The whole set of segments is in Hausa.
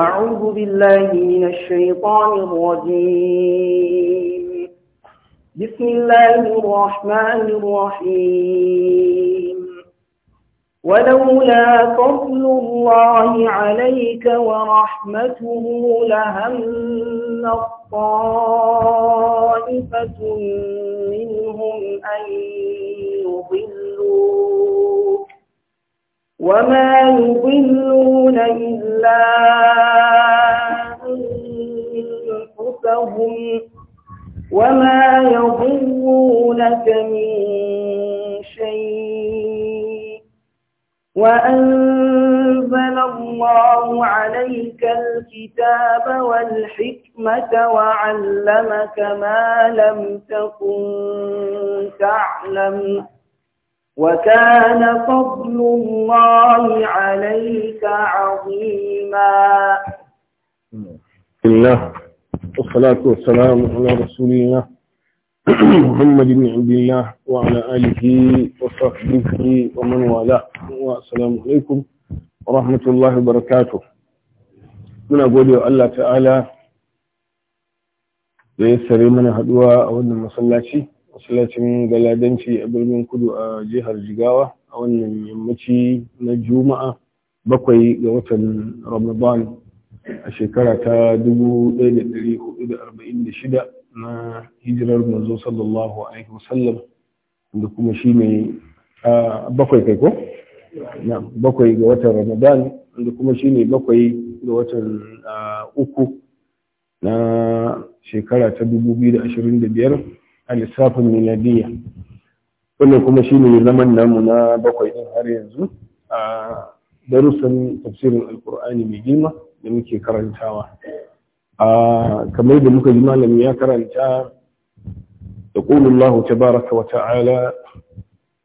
أعوذ بالله من الشيطان الرجيم بسم الله الرحمن الرحيم ولولا فضل الله عليك ورحمته لهم الطائفة منهم أن وما يضلون إلا أنفسهم وما يضرونك من شيء وأنزل الله عليك الكتاب والحكمة وعلمك ما لم تكن تعلم وكان فضل الله عليك عظيما الله والصلاة والسلام على رسول الله محمد بن عبد الله وعلى آله وصحبه ومن والاه والسلام عليكم ورحمة الله وبركاته من أقول الله تعالى da ya sare mana haduwa a wannan masallaci masallacin galadanci a birnin kudu a jihar jigawa a wannan yammaci na juma'a bakwai ga watan ramadan a shekara ta 1446 na hijirar manzo sallallahu alaihi wasallam da kuma shi ne bakwai kai ko? bakwai ga watan ramadan da kuma shi ne bakwai ga watan uku na shekara ta 2025 a lissafin miladiya wannan kuma shi ne zaman namu na bakwai ɗin har yanzu a darussan tafsirin alkur'ani mai girma da muke karantawa kamar da muka ji malami ya karanta يقول الله wa وتعالى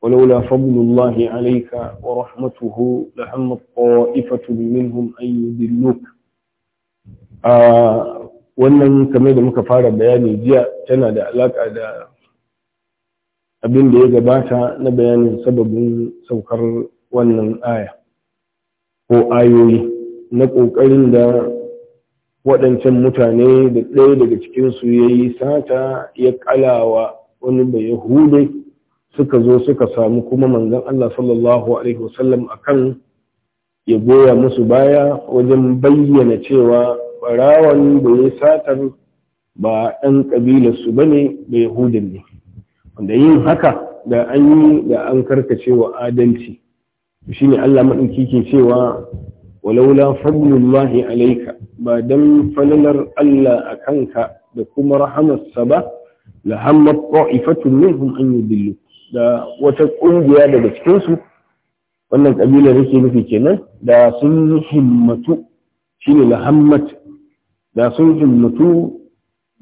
ولولا فضل الله عليك ورحمته لهم الطائفة منهم أن يدلوك wannan kamar da muka fara bayani jiya tana da alaƙa da abin da ya gabata na bayanin sababin saukar wannan aya ko ayoyi na ƙoƙarin da waɗancan mutane da ɗaya daga cikinsu ya yi sata ya ƙalawa wani bai yahudai suka zo suka samu kuma manzon Allah sallallahu Alaihi wasallam a kan ya goya musu baya wajen bayyana cewa Barawon da ya satar ba ɗan ƙabilarsu ba ne da yahudin ne wanda yin haka da an yi da an karkace wa adalci shi ne allah maɗauki ke cewa walaula fadlullahi alaika ba don falalar allah a kanka da kuma rahamarsa ba la hammat ta'ifatun minhum an yudillu da wata ƙungiya daga cikinsu wannan ƙabilar yake nufi kenan da sun himmatu shine la hammat da sun himmatu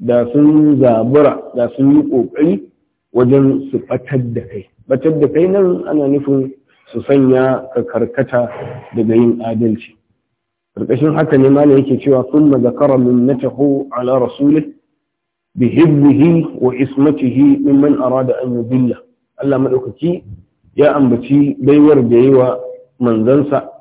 da sun zabura da sun yi ƙoƙari wajen su ɓatar da kai ɓatar da kai nan ana nufin su sanya ka karkata daga yin adalci ƙarƙashin haka ne mana yake cewa sun mazakara min na taho ala rasulih bi hibbihi wa ismatihi mimman arada an yudilla Allah maɗaukaki ya ambaci baiwar da yi wa manzansa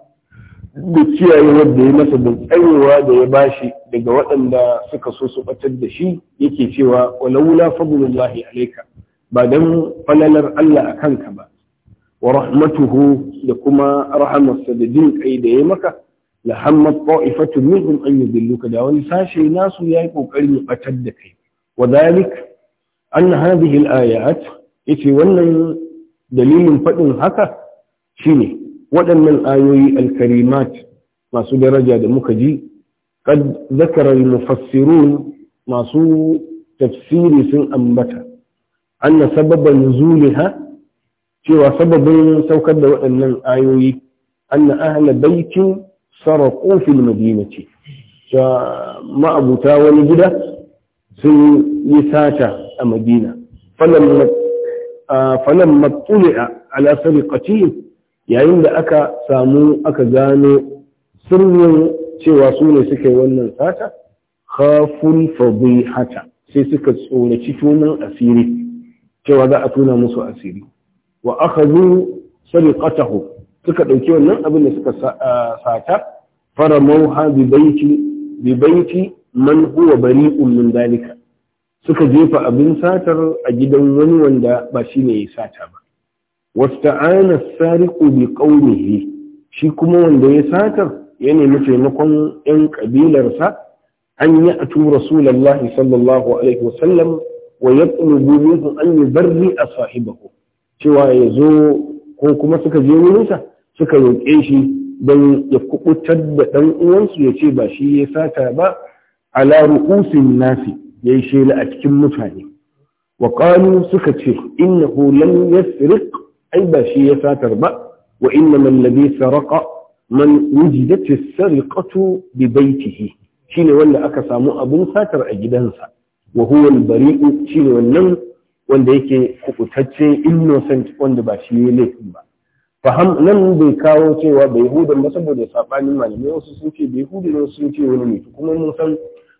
da kiyaye wanda ya masa da tsayewa da ya bashi daga waɗanda suka so su batar da shi yake cewa walaula fadlullahi alayka ba dan falalar Allah a kanka ba wa rahmatuhu da kuma rahamarsa da jin kai da ya maka la hammat ta'ifatu minhum an yudilluka da wani sashe nasu yayi kokarin ya batar da kai wa dhalik an hadhihi al-ayat yace wannan dalilin fadin haka shine waɗannan ayoyi alkarimat masu daraja da muka ji kad zakara mufassirun masu tafsiri sun ambata anna sababan zuliha cewa sababin saukar da waɗannan ayoyi anna ahla baitin saraqu fil madinati cewa ma'abuta wani gida sun yi sata a madina falamma falamma tuli'a ala sariqatihim yayin da aka samu aka gano sirrin cewa su ne suka yi wannan sata khafun hata, sai suka tsoraci tunan asiri cewa za a tuna musu asiri wa akhadhu sariqatahu suka dauki wannan abin da suka sata faramauha bi baiti bi baiti man huwa bari'un min dalika suka jefa abin satar a gidan wani wanda ba shi ne ya sata ba wasta'ana sariqu bi qawlihi shi kuma wanda ya satar ya nemi taimakon yan kabilarsa an yi atu rasulullahi sallallahu alaihi wasallam wa yatlubu minhu an a sahibahu cewa ya zo ko kuma suka je wurinsa suka roƙe shi don ya kubutar da ɗan uwansu ya ce ba shi ya sata ba ala ru'usin nasi ya yi shela a cikin mutane wa suka ce innahu lam yasriq ai ba shi ya satar ba wa inna man ladhi saraqa man wujidat as-sariqatu bi baytihi shine wanda aka samu abun satar a gidansa wa huwa al-bari'u shine wannan wanda yake kubutacce innocent wanda ba shi ya laifin ba faham nan bai kawo cewa bai hudan ba saboda sabanin malamai wasu sun ce bai hudu ne sun ce wani ne kuma mun san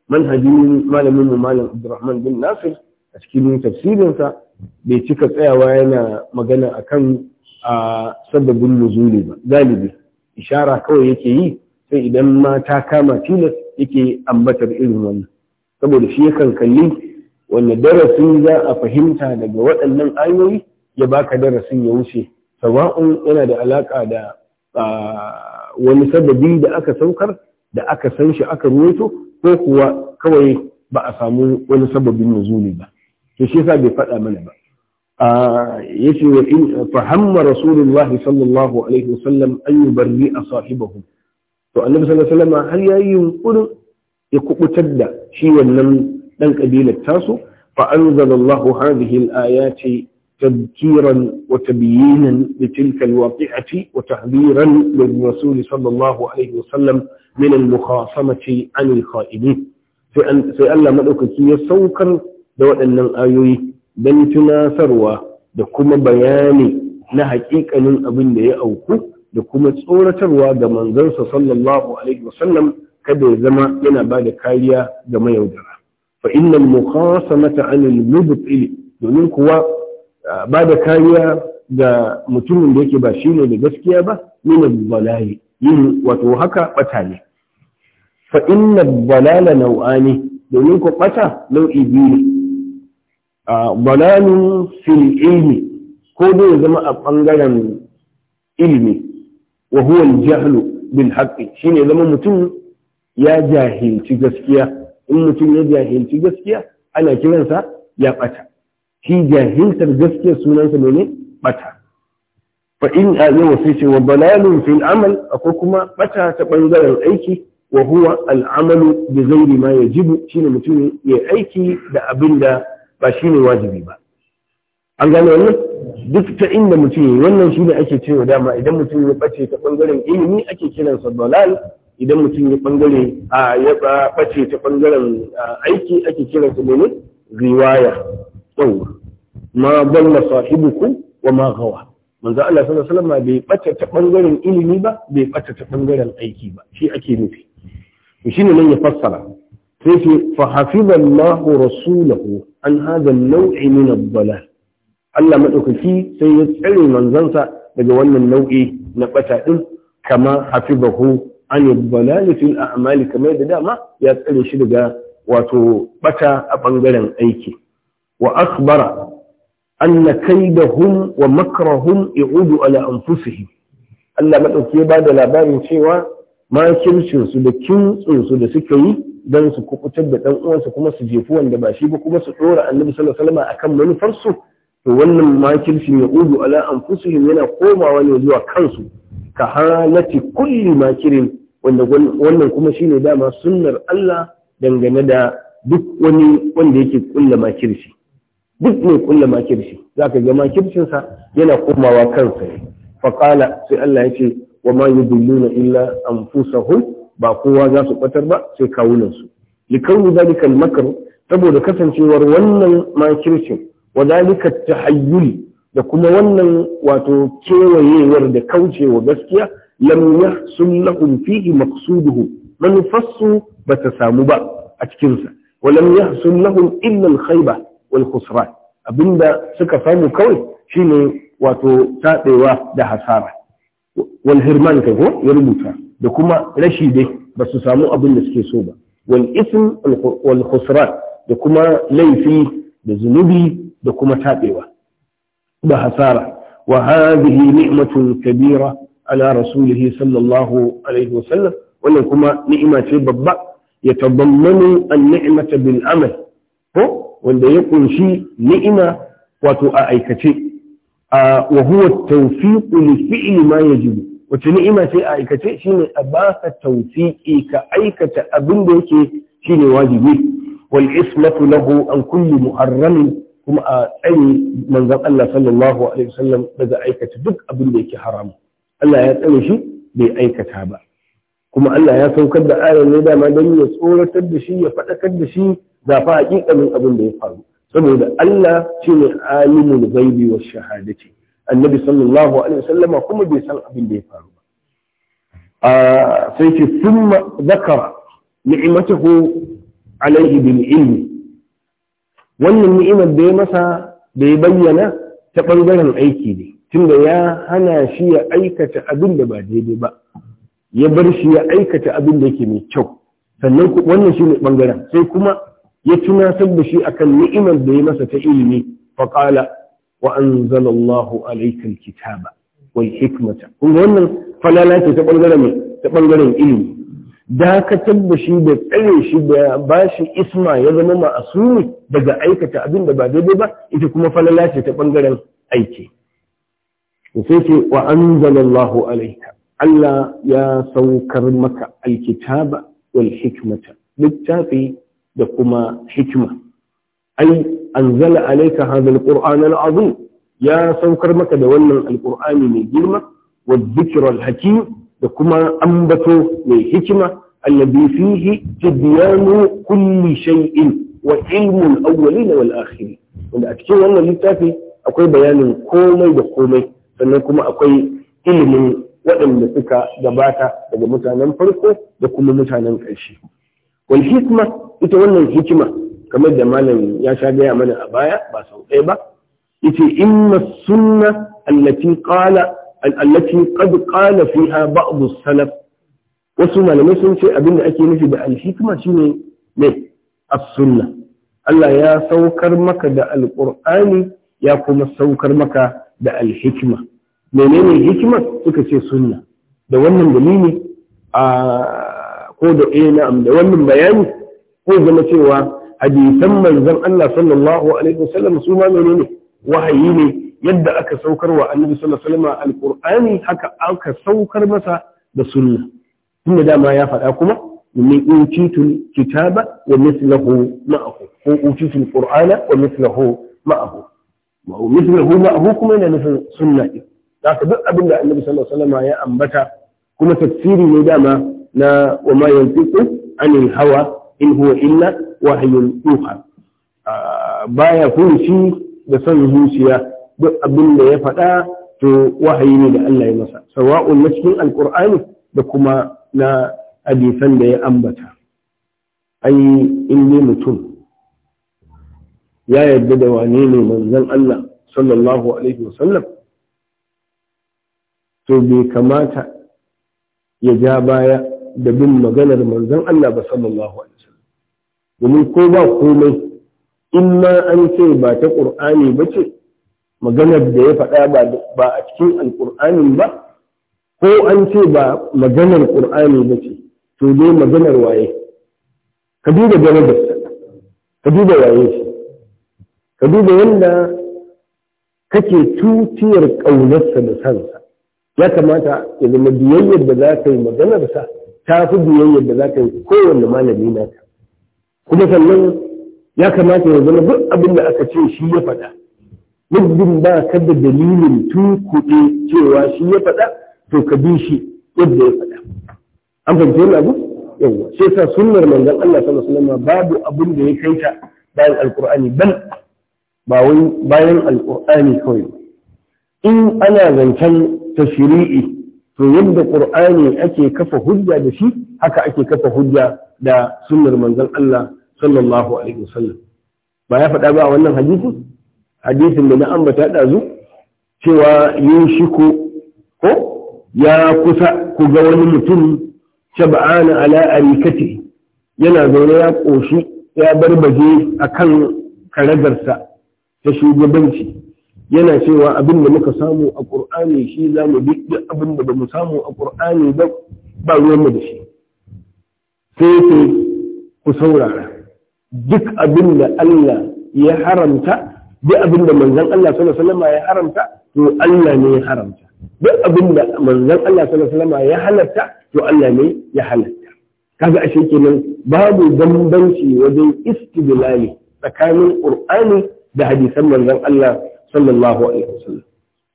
manhajin malamin mu malam Abdurrahman bin Nasir a cikin tafsirinsa bai cika tsayawa yana magana akan a sababin nuzuli ba galibi ishara kawai yake yi sai idan ma ta kama tilas yake ambatar irin wannan saboda shi yakan kalli wanda darasin za a fahimta daga waɗannan ayoyi ya baka darasin ya wuce sawa'un yana da alaƙa da wani sababi da aka saukar da aka san shi aka ruwaito ko kuwa kawai ba a samu wani sababin nuzuli ba to shi yasa bai faɗa mana ba yace wa in fahamma rasulullah sallallahu alaihi wasallam an yubarri sahibahu to annabi sallallahu alaihi wasallam har yayi yunkurin ya kubutar da shi wannan dan kabilar tasu fa anzalallahu hadhihi al-ayati تذكيرا وتبيينا لتلك الواقعة وتحذيرا للرسول صلى الله عليه وسلم من المخاصمة عن الخائنين في أن في ألا ملك كي سوكر da waɗannan ayoyi don tunasarwa da kuma bayani na haƙiƙanin abin da ya auku da kuma tsoratarwa ga manzansa sallallahu alaihi wasallam kada ya zama yana ba da kariya ga mayaudara fa innal mukhasamata anil mubtil domin kuwa ba da kariya ga mutumin da yake ba shine da gaskiya ba min balali yin wato haka bata ne fa inna balala nau'ani domin ku bata nau'i biyu balalun fil ilmi ko dai ya zama a ɓangaren ilmi wa huwa al-jahlu bil haqqi shine zama mutum ya jahilci gaskiya in mutum ya jahilci gaskiya ana kiransa ya ɓata, shi jahiltar gaskiya sunansa ne ne bata fa in a yawa sai ce wa balalun fil amal akwai kuma ɓata ta ɓangaren aiki wa huwa al'amalu bi ghairi ma yajibu shine mutum ya aiki da abinda ba shi ne wajibi ba an gane wannan duk ta inda mutum yi wannan shi ne ake cewa dama idan mutum ya bace ta bangaren ilimi ake kiransa dalal idan mutum ya ɓangare a ya ta bangaren aiki ake kiransa domin riwaya yawwa ma balla sahibukum wa ma gawa manzo Allah sallallahu alaihi wasallam bai bace ta bangaren ilimi ba bai bace ta bangaren aiki ba shi ake nufi ne nan ya fassara sai fa hafizallahu rasulahu an hada nau'i min ad-dalal Allah madaukaki sai ya tsare manzansa daga wannan nau'i na bata din kama hafibahu an ad-dalal fil a'mal kamar da dama ya tsare shi daga wato bata a bangaren aiki wa akhbara anna hum wa makrahum ya'udu ala anfusihim Allah madauki ya bada labarin cewa makircin su da kintsin su da suke yi don su kubutar da ɗan uwansu kuma su jefu wanda ba shi ba kuma su ɗora annabi sallallahu alaihi wasallam akan manufarsu to wannan shi ya udu ala anfusihim yana komawa ne zuwa kansu ka halati kulli makirin wannan kuma shine dama sunnar Allah dangane da duk wani wanda yake kulla makirci duk ne kulla makirci zaka ga makircinsa yana komawa kansa ne faqala sai Allah ya ce wa ma yudilluna illa anfusahum ba kowa za su batar ba sai kawunansu likawu zalika al-makr saboda kasancewar wannan makircin wa ta tahayyul da kuma wannan wato kewayewar da kaucewa gaskiya lam yahsul lahum fihi maqsuduhu manufarsu ba ta samu ba a cikinsa wa lam yahsul lahum illa al-khayba wal khusran abinda suka samu kawai shine wato tadewa da hasara wal hirman ko ya rubuta da kuma rashi dai ba su samu abin da suke so ba wal ism wal khusran da kuma laifi da zunubi da kuma tabewa da hasara wa hadhihi ni'matun kabira ala rasulih sallallahu alaihi sallam! wannan kuma ni'ima ce babba ya manu an-ni'mata bil amal ko wanda ya kunshi ni'ima wato a aikace wa huwa tawfiqu li fi'li ma yajibu wace ni'ima ce a aikace shine a baka taufiƙi ka aikata abin da yake shine wajibi wal ismatu an kulli muharramin kuma a tsare manzon Allah sallallahu alaihi wasallam daga aikata duk abin da yake haramu. Allah ya tsare shi bai aikata ba kuma Allah ya saukar da ayar ne dama don ya tsoratar da shi ya faɗakar da shi da fa hakikanin abin da ya faru saboda Allah ne alimul ghaibi wa shahadati annabi sallallahu alaihi wasallam kuma bai san abin da ya faru ba sai ce thumma zakara ni'matahu alaihi bil ilmi wannan ni'imar da ya masa da ya bayyana ta bangaren aiki ne tunda ya hana shi ya aikata abin da ba daidai ba ya bar shi ya aikata abin da yake mai kyau sannan wannan shi ne bangaren sai kuma ya tunatar da shi akan ni'imar da ya masa ta ilimi faqala wa anzala Allahu alayka kitaba, wal hikmata kun ga wannan falala ce ta bangaren mai ta ilimi dakatar da shi da tsare shi da ba shi isma ya zama ma'asumi daga aikata abin da ba daidai ba ita kuma falala ce ta bangaren aiki sai ce wa anzalallahu Allah ya saukar maka alkitaba wal hikmata littafi da kuma hikima ai anzala alaika hadha alquran alazim ya saukar maka da wannan Alƙur'ani mai girma wa dhikra alhakim da kuma ambato mai hikima alladhi fihi tibyanu kulli shay'in wa ilmun alawwalin wal wal'akhiri. wanda a cikin wannan littafi akwai bayanin komai da komai sannan kuma akwai ilimin waɗanda suka gabata daga mutanen farko da kuma mutanen ƙarshe wal hikma ita wannan hikima kamar da malam ya sha gaya mana a baya ba sau ɗaya ba yace inna sunna allati qala allati qad qala fiha ba'd salaf wasu malamai sun ce abinda ake nufi da al-hikma shine ne as-sunna Allah ya saukar maka da al-qur'ani ya kuma saukar maka da al-hikma menene hikima suka ce sunna da wannan dalili a ko da eh na'am da wannan bayani zai zama cewa hadisan manzon Allah sallallahu alaihi wasallam su ma menene wahayi ne yadda aka saukar wa annabi sallallahu alaihi wasallam alqur'ani haka aka saukar masa da sunna inda dama ya faɗa kuma min utitul kitaba wa mithluhu ma'ahu ko utitul qur'ana wa mithluhu ma'ahu wa mithluhu ma'ahu kuma yana nufin sunna din haka duk abin da annabi sallallahu alaihi wasallam ya ambata kuma tafsiri ne dama na wa ma yantiqu anil hawa in huwa illa wahayin yuha ah, baya kunshi da son zuciya duk abin da ya faɗa to wahayi ne da Allah ya masa sawa'un na cikin alqur'ani da kuma na hadisan da ya ambata ai in ne mutum ya yarda da wane ne manzon Allah sallallahu alaihi wasallam to bai kamata ya ja baya da bin maganar manzon Allah ba sallallahu alaihi domin ko ba komai in ma an ce ba ta ƙur'ani ba ce maganar da ya faɗa ba a cikin alƙur'ani ba ko an ce ba maganar ƙur'ani ba ce to dai maganar waye ka duba darajarsa ka duba waye shi ka duba yadda kake tutiyar ƙaunarsa da sansa ya kamata ya zama biyayyar da za ka yi maganarsa ta fi biyayyar da za ka yi kowane malami naka kuma sannan ya kamata ya zama duk abin da aka ce shi ya faɗa muddin ba ka da dalilin kuɗe cewa shi ya faɗa to ka bi shi yadda ya faɗa an fahimci yana abu yawwa sai sa sunnar manzon Allah sallallahu alaihi wasallam babu abin da ya kai ta bayan alqur'ani bal ba wai bayan alqur'ani kawai in ana zancen tashri'i to yadda qur'ani ake kafa hujja da shi haka ake kafa hujja da sunnar manzon Allah sallallahu alaihi wasallam ba ya faɗa ba a wannan hadisin hadisin da na ambata ɗazu cewa yushiku ko ya kusa ku ga wani mutum shab'ana ala arikati yana zaune ya ƙoshi ya barbaje akan karagarsa ta shugabanci yana cewa abin da muka samu a ƙur'ani shi za mu duk abin da ba mu samu a ƙur'ani ba ruwan mu da shi sai ce ku saurara duk abin da Allah ya haramta duk abin da manzan Allah sallallahu alaihi wasallam ya haramta to Allah ne ya haramta duk abin da manzan Allah sallallahu alaihi wasallam ya halatta to Allah ne ya halatta kaga ashe kenan babu bambanci wajen istidlali tsakanin Qur'ani da hadisan manzan Allah sallallahu alaihi wasallam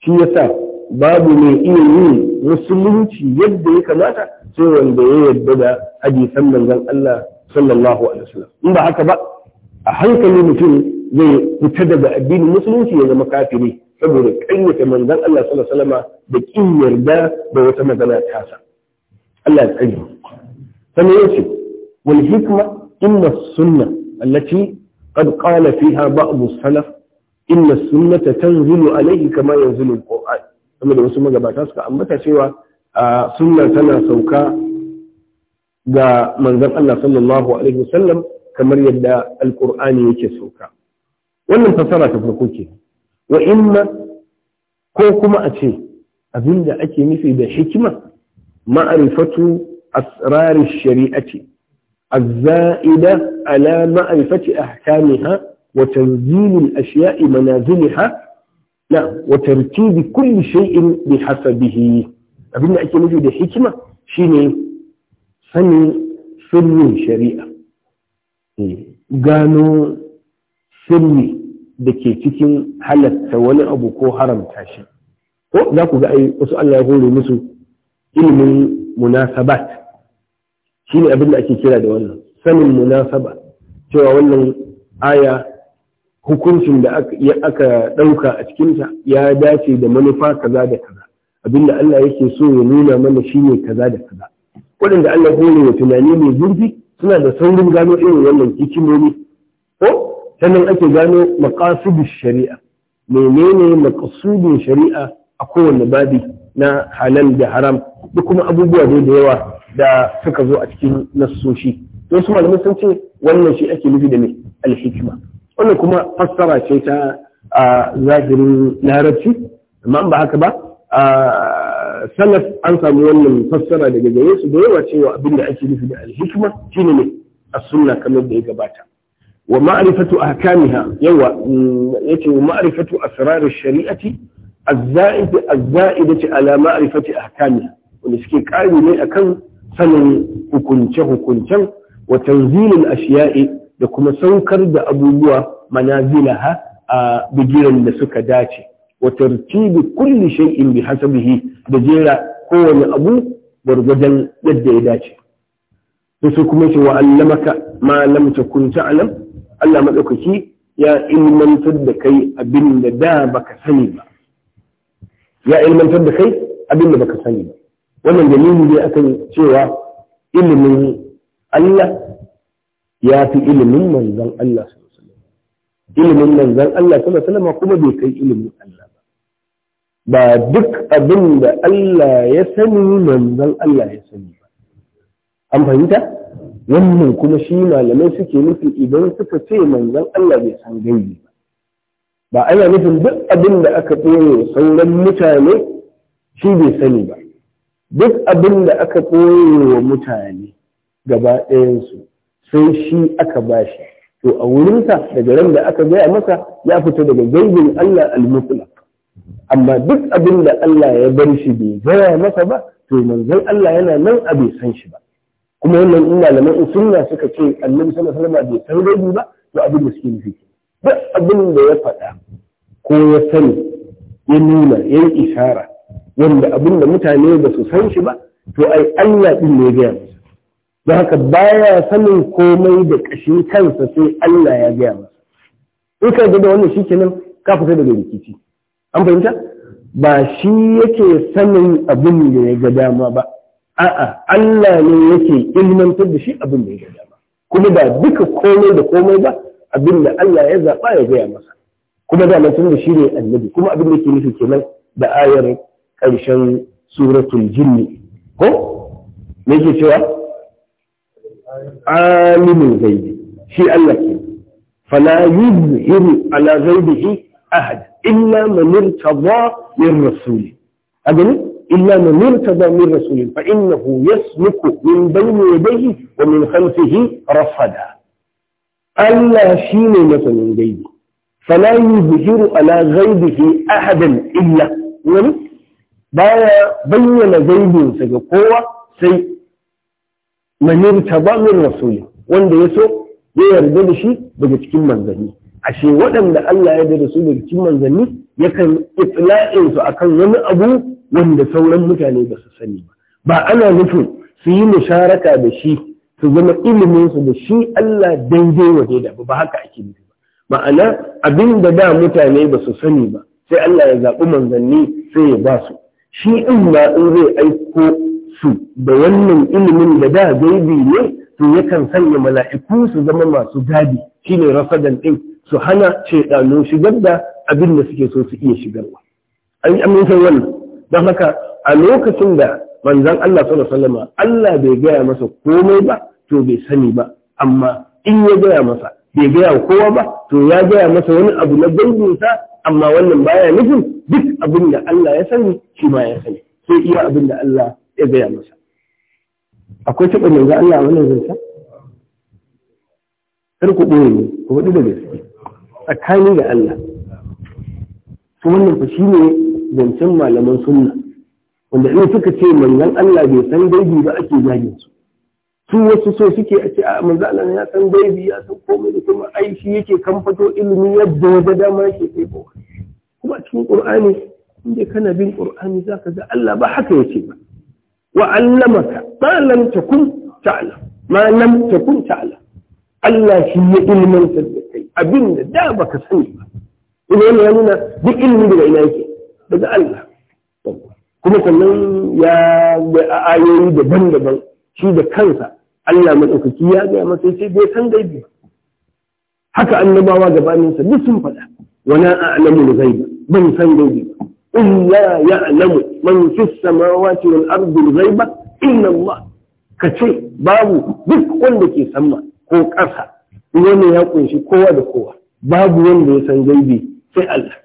shi yasa babu mai iya yin musulunci yadda ya kamata sai wanda ya yarda da hadisan manzon Allah sallallahu alaihi wasallam in ba haka ba a hankali mutum zai fita daga addinin musulunci ya zama kafiri saboda ƙayyata manzon Allah sallallahu alaihi wasallam da kin yarda da wata magana ta sa Allah ya tsare sannan yace wal hikma inna sunna allati qad qala fiha ba'd salaf inna sunnata tanzilu alayhi kama yanzilu al-qur'an kuma da wasu magabata suka ambata cewa a sunna tana sauka ga manzon Allah sallallahu alaihi wasallam kamar yadda alqur'ani yake sauka wannan fasara ta farko ke wa imma ko kuma a ce abinda ake nufi da hikima ma'rifatu asrar shari'ati الزائدة على معرفة أحكامها وتنزيل الأشياء منازلها لا وترتيب كل شيء بحسبه abinda ake nufi da hikima shine sanin sirrin shari'a eh, gano sirri da ke cikin halatta wani abu ko haramta shi ko za ku ga ai wasu Allah ya hore musu ilimin munasabat shine abin ake kira da wannan sanin munasaba cewa wannan aya hukuncin da aka ɗauka a cikinta ya dace da manufa kaza da kaza abinda Allah yake so ya nuna mana shine kaza da kaza waɗanda Allah hore wa tunani mai zurfi suna da saurin gano irin wannan hikimomi ko sannan ake gano maqasidish shari'a menene maqasudin shari'a a kowane babi na halal da haram da kuma abubuwa dai da yawa da suka zo a cikin nassoshi to su malamai sun ce wannan shi ake nufi da ne alhikima wannan kuma fassara ce ta a zahirin larabci amma ba haka ba sanar an samu wannan fassara daga gare su da yawa cewa abin da ake nufi da alhikma shi ne a sunna kamar da ya gabata wa ma'rifatu ahkamiha yawa mm, yace wa ma'rifatu asrar ash-shari'ati az-za'id az-za'idati ala ma'rifati ahkamiha wanda suke kari ne kan sanin hukunce hukuncen wa tanzilul ashiya'i da kuma saukar da abubuwa manazilaha a bigiran da suka dace wa tartibi kulli shay'in bi hasabihi da jera kowane abu gwargwadon yadda ya dace to sai kuma ce wa allamaka ma lam takun ta'lam Allah madaukaki ya ilmantar da kai abin baka sani ba ya ilmantar da kai baka sani ba wannan dalili ne akan cewa ilimin Allah ya fi ilimin manzon Allah ilimin manzan Allah sallallahu alaihi wasallam kuma bai kai ilimin Allah ba duk abin da Allah ya sani manzon Allah ya sani ba an fahimta wannan kuma shi malamai suke nufi idan suka ce manzon Allah bai san gaibi ba ba ana nufin duk abin da aka ɓoye sauran mutane shi bai sani ba duk abin da aka ɓoye wa mutane gaba ɗayansu sai shi aka bashi to a wurinsa daga ran da aka gaya masa ya fita daga gaibin Allah al-mutlaq amma duk abin da Allah ya bar shi bai gaya masa ba to manzon Allah yana nan a bai san shi ba kuma wannan in malaman sunna suka ce annabi sallallahu alaihi wasallam bai san gaibi ba to abin da suke nufi duk abin da ya faɗa ko ya sani ya nuna ya yi ishara wanda abin da mutane ba su san shi ba to ai Allah din ne ya gaya masa don haka baya sanin komai da kashin kansa sai Allah ya gaya masa in ka ga da wannan shikenan ka fita daga rikici an fahimta ba shi yake sanin abin da ya ga dama ba a'a Allah ne yake ilmantar da shi abin da ya ga dama kuma ba duka komai da komai ba abin da Allah ya zaɓa ya gaya masa kuma da mutum da shi ne annabi kuma abin da yake nufi kenan da ayar ƙarshen suratul jini. ko me yake cewa alimul ghaibi shi Allah ke fala yuzhiru ala ghaibihi ahad illa man irtada min rasuli a illa man irtada min rasuli fa innahu yasluku min bayni yadayhi wa min khalfihi rafada Allah shine masanin gaibi fala yuzhiru ala ghaibihi ahadan illa wani baya bayyana gaibinsa ga kowa sai man irtada min rasuli wanda ya so ya yarda da shi daga cikin magani. ashe waɗanda Allah ya da su da cikin manzanni yakan itla'in su akan wani abu wanda sauran mutane ba su sani ba ba ana nufin su yi musharaka da shi su zama ilimin su da shi Allah daidai waje da ba haka ake nufi ba ma'ana abin da da mutane ba su sani ba sai Allah ya zaɓi manzanni sai ya ba su shi in ma in zai aiko su da wannan ilimin da da gaibi ne to yakan sanya mala'iku su zama masu gadi shine rasadan ɗin. su hana shaidanu shigar da abin da suke so su iya shigarwa an yi amince wannan don haka a lokacin da manzan Allah sallallahu alaihi Allah bai gaya masa komai ba to bai sani ba amma in ya gaya masa bai gaya kowa ba to ya gaya masa wani abu na danginsa amma wannan baya nufin duk abin da Allah ya sani shi ma ya sani sai iya abin da Allah ya gaya masa akwai taɓa manzan Allah a wannan kar ku ɓoye ne ku faɗi da gaske tsakani da Allah su wannan ku shi ne zancen malaman sunna wanda in suka ce manzon Allah bai san gaibi ba ake zagin su su wasu so suke a ce a Allah ya san gaibi ya san komai da kuma ai shi yake kamfato ilimi yadda ya dama yake kai kuma cikin Qur'ani inda kana bin Qur'ani zaka ga Allah ba haka yake ba wa allamaka ma lam takun ta'lam ma lam takun ta'lam Allah shi ya ilmantar da kai abin da da baka sani ba ina yana ya nuna duk ilimi daga ina yake daga Allah kuma sannan ya ga ayoyi daban-daban shi da kansa Allah madaukaki ya ga masa sai bai san gaibi haka annabawa gabaninsa duk sun faɗa wana a'lamu ghaiba ban san gaibi ba إلا يعلم من في السماوات والأرض الغيبة إلا Ka ce babu duk wanda ke samma. ko ƙasa wani ya ƙunshi kowa da kowa babu wanda ya san gaibi sai Allah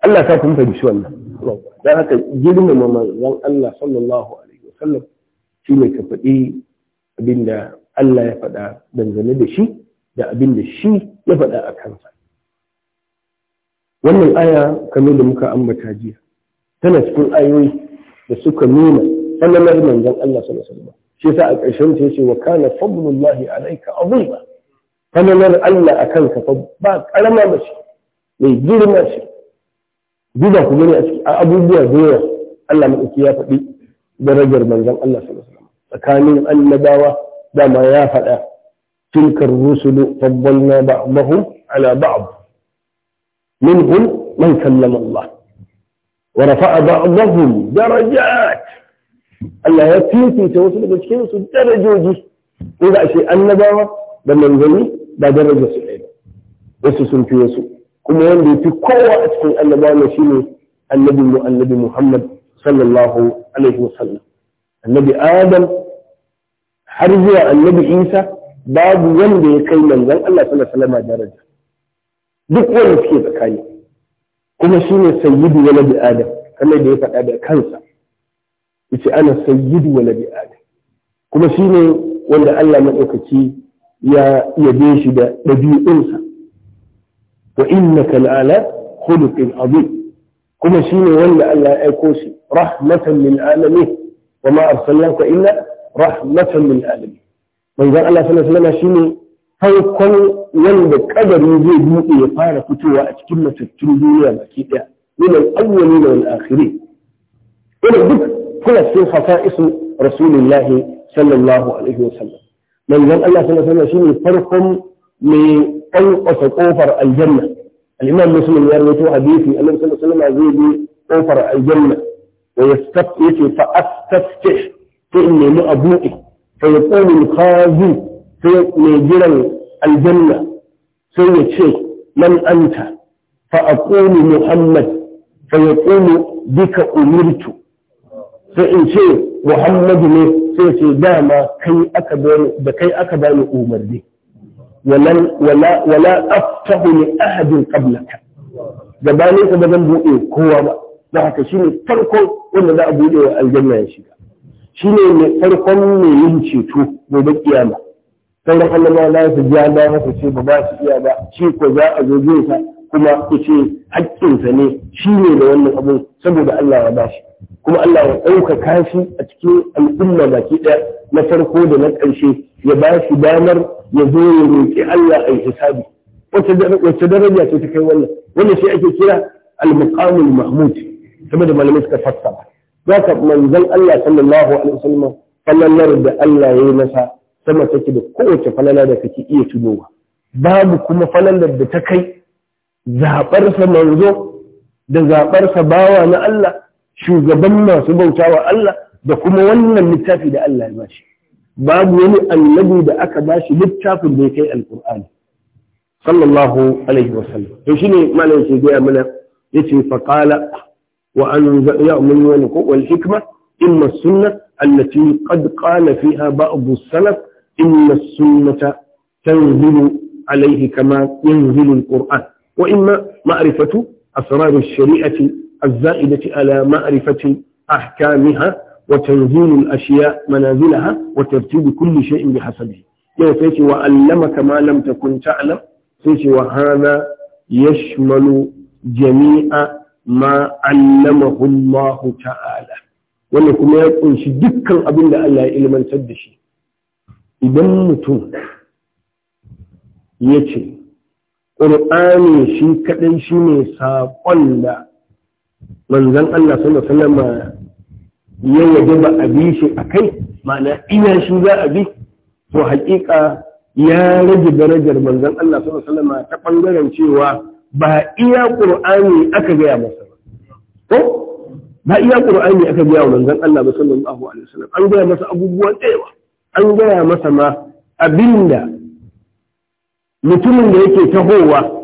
Allah ta kun fahimci wannan dan haka girmama manzon Allah sallallahu alaihi wasallam shine ka faɗi abinda Allah ya faɗa dangane da shi da abinda shi ya faɗa a kansa wannan aya kamar da muka ambata jiya tana cikin ayoyi da suka nuna sanannar manzon Allah sallallahu alaihi wasallam shi sa a ƙarshen ce ce wa kana fadlullahi alayka azima fadlan Allah akan ka ba karama ba shi mai girma shi duba ku gani a ciki a abubuwa da yawa Allah madauki ya faɗi darajar manzon Allah sallallahu alaihi wasallam tsakanin annabawa da ma ya faɗa tilkar rusulu faddalna ba'dahum ala ba'd minhum man kallama Allah ورفع بعضهم درجات Allah ya fifita wasu daga cikin su darajoji ko da ashe annabawa da manzanni ba darajar su ɗaya wasu sun fi wasu kuma wanda ya fi kowa a cikin annabawa shine annabi mu annabi Muhammad sallallahu alaihi wasallam annabi Adam har zuwa annabi Isa babu wanda ya kai manzon Allah sallallahu alaihi wasallam daraja duk wanda suke tsakani kuma shine sayyidu walad Adam kamar da ya faɗa da kansa yace ana sayyidu waladi adam kuma shine wanda Allah madaukaki ya yabe shi da dabi'unsa wa innaka la'ala khuluqin azim kuma shine wanda Allah ya aiko shi rahmatan lil alamin wa ma arsalnaka illa rahmatan lil alamin manzon Allah sallallahu alaihi wasallam shine farkon wanda kadari zai buɗe ya fara fitowa a cikin matattun duniya baki ɗaya min al-awwalin wani akhirin كل سن خصائص رسول الله صلى الله عليه وسلم من قال الله صلى الله عليه وسلم فرق من أنقص الجنة الإمام مسلم يروي حديثي النبي صلى الله عليه وسلم عزيزي أوفر الجنة ويستفتح فأستفتح فإني لأبوئي فيقول القاضي في ميجرا الجنة سيد شيخ من أنت فأقول محمد فيقول بك أمرت sai in ce muhammadu ne sai ce dama kai aka da kai aka bani umarni wala aftahu li ahadin qablaka gabanin ka ba zan buɗe kowa ba don haka shine farkon wanda za a buɗe wa aljanna ya shiga shine mai farkon ne yin ceto gobe kiyama sauran annabawa za su ja da masa ce ba ba su iya ba shi ko za a zo ginsa kuma ku ce haƙƙinsa ne shi ne da wannan abun saboda Allah ya bashi kuma Allah ya ɗaukaka shi a cikin al'umma baki ɗaya na farko da na ƙarshe ya ba shi damar ya zo ya roƙi Allah a hisabi wacce daraja ce ta kai wannan wannan shi ake kira al-muqamul mahmud da malamai suka fassara ka manzon Allah sallallahu alaihi wasallam falalar da Allah ya yi masa sama take da kowace falala da kake iya tunowa babu kuma falalar da ta kai zaɓarsa manzo da zaɓarsa bawa na Allah shugaban masu bautawa Allah da kuma wannan littafi da Allah ya bashi babu wani annabi da aka bashi littafin da ya kai alkur'ani sallallahu alaihi sallam. to shine malam ke gaya mana yace fa qala wa an ya'munu wa nuku wal hikma inna sunna allati qad qala fiha ba'd as-salaf inna sunnata tanzilu alayhi kama yanzilu al-qur'an wa imma ma'rifatu asrar ash-shari'ati الزائدة على معرفة أحكامها وتنزيل الأشياء منازلها وترتيب كل شيء بحسبه يعني سيتي وعلمك ما لم تكن تعلم سيتي وهذا يشمل جميع ما علمه الله تعالى wanda kuma ya kunshi dukkan abin da Allah ya ilmantar da shi idan mutum ya ce ƙur'ani shi kaɗai shi ne saƙon da manzan Allah sallallahu alaihi yau ya yaje ba a bi shi a kai? ma'ana ina shi za a bi to haƙiƙa ya rage darajar manzan Allah suna alaihi ma ta ɓangaren cewa ba iya ƙur'ani aka gaya masa ba ko ba iya ƙur'ani aka gaya wa manzan Allah ba sallallahu alaihi wasallam an gaya masa abubuwa tsayawa an gaya masa ma abinda mutumin da yake tahowa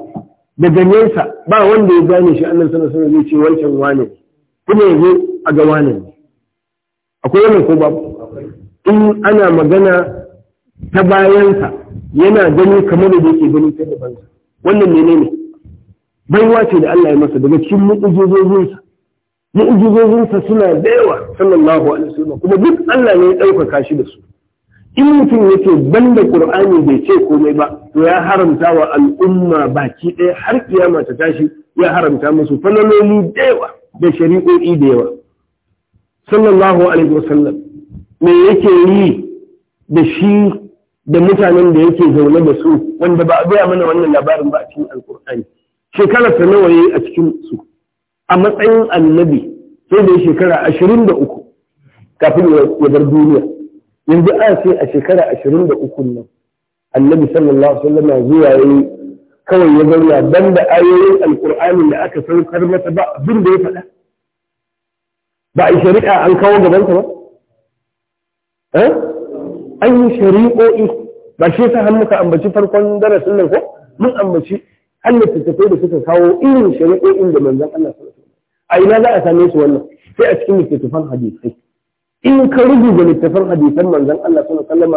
daga nesa ba wanda ya gane shi annan sana sana zai ce wancan wane kuma ya zo a ga wane ne akwai wannan ko babu in ana magana ta bayansa yana gani kamar da yake gani ta daban wannan menene baiwa ce da Allah ya masa daga cikin mu'ujizozinsa mu'ujizozinsa suna da yawa sallallahu alaihi wasallam kuma duk Allah ne ya ɗaukaka shi da su in mutum yake banda qur'ani bai ce komai ba to ya haramta wa al'umma baki ɗaya har kiyama ta tashi ya haramta musu falaloli da yawa da shari'o'i da yawa sallallahu alaihi wasallam me yake yi da shi da mutanen da yake zaune da su wanda ba a gaya mana wannan labarin ba a cikin alkur'ani shekarar ta nawa yayi a cikin su a matsayin annabi sai da shekara ashirin da uku kafin ya bar duniya yanzu an ce a shekara ashirin da uku nan annabi sallallahu alaihi wasallam zuwa yayi kawai ya zauna ban da ayoyin alkur'ani da aka saukar masa ba abin da ya faɗa ba a shari'a an kawo gabansa ba eh? an yi shari'o'i ba shi ta hannu ka ambaci farkon darasin nan ko mun ambaci hannun tattafai da suka kawo irin shari'o'in da manzan Allah sallallahu alaihi wasallam a ina za a same su wannan sai a cikin littattafan hadisai in ka rubuta littafin hadisan manzon Allah sallallahu alaihi wasallam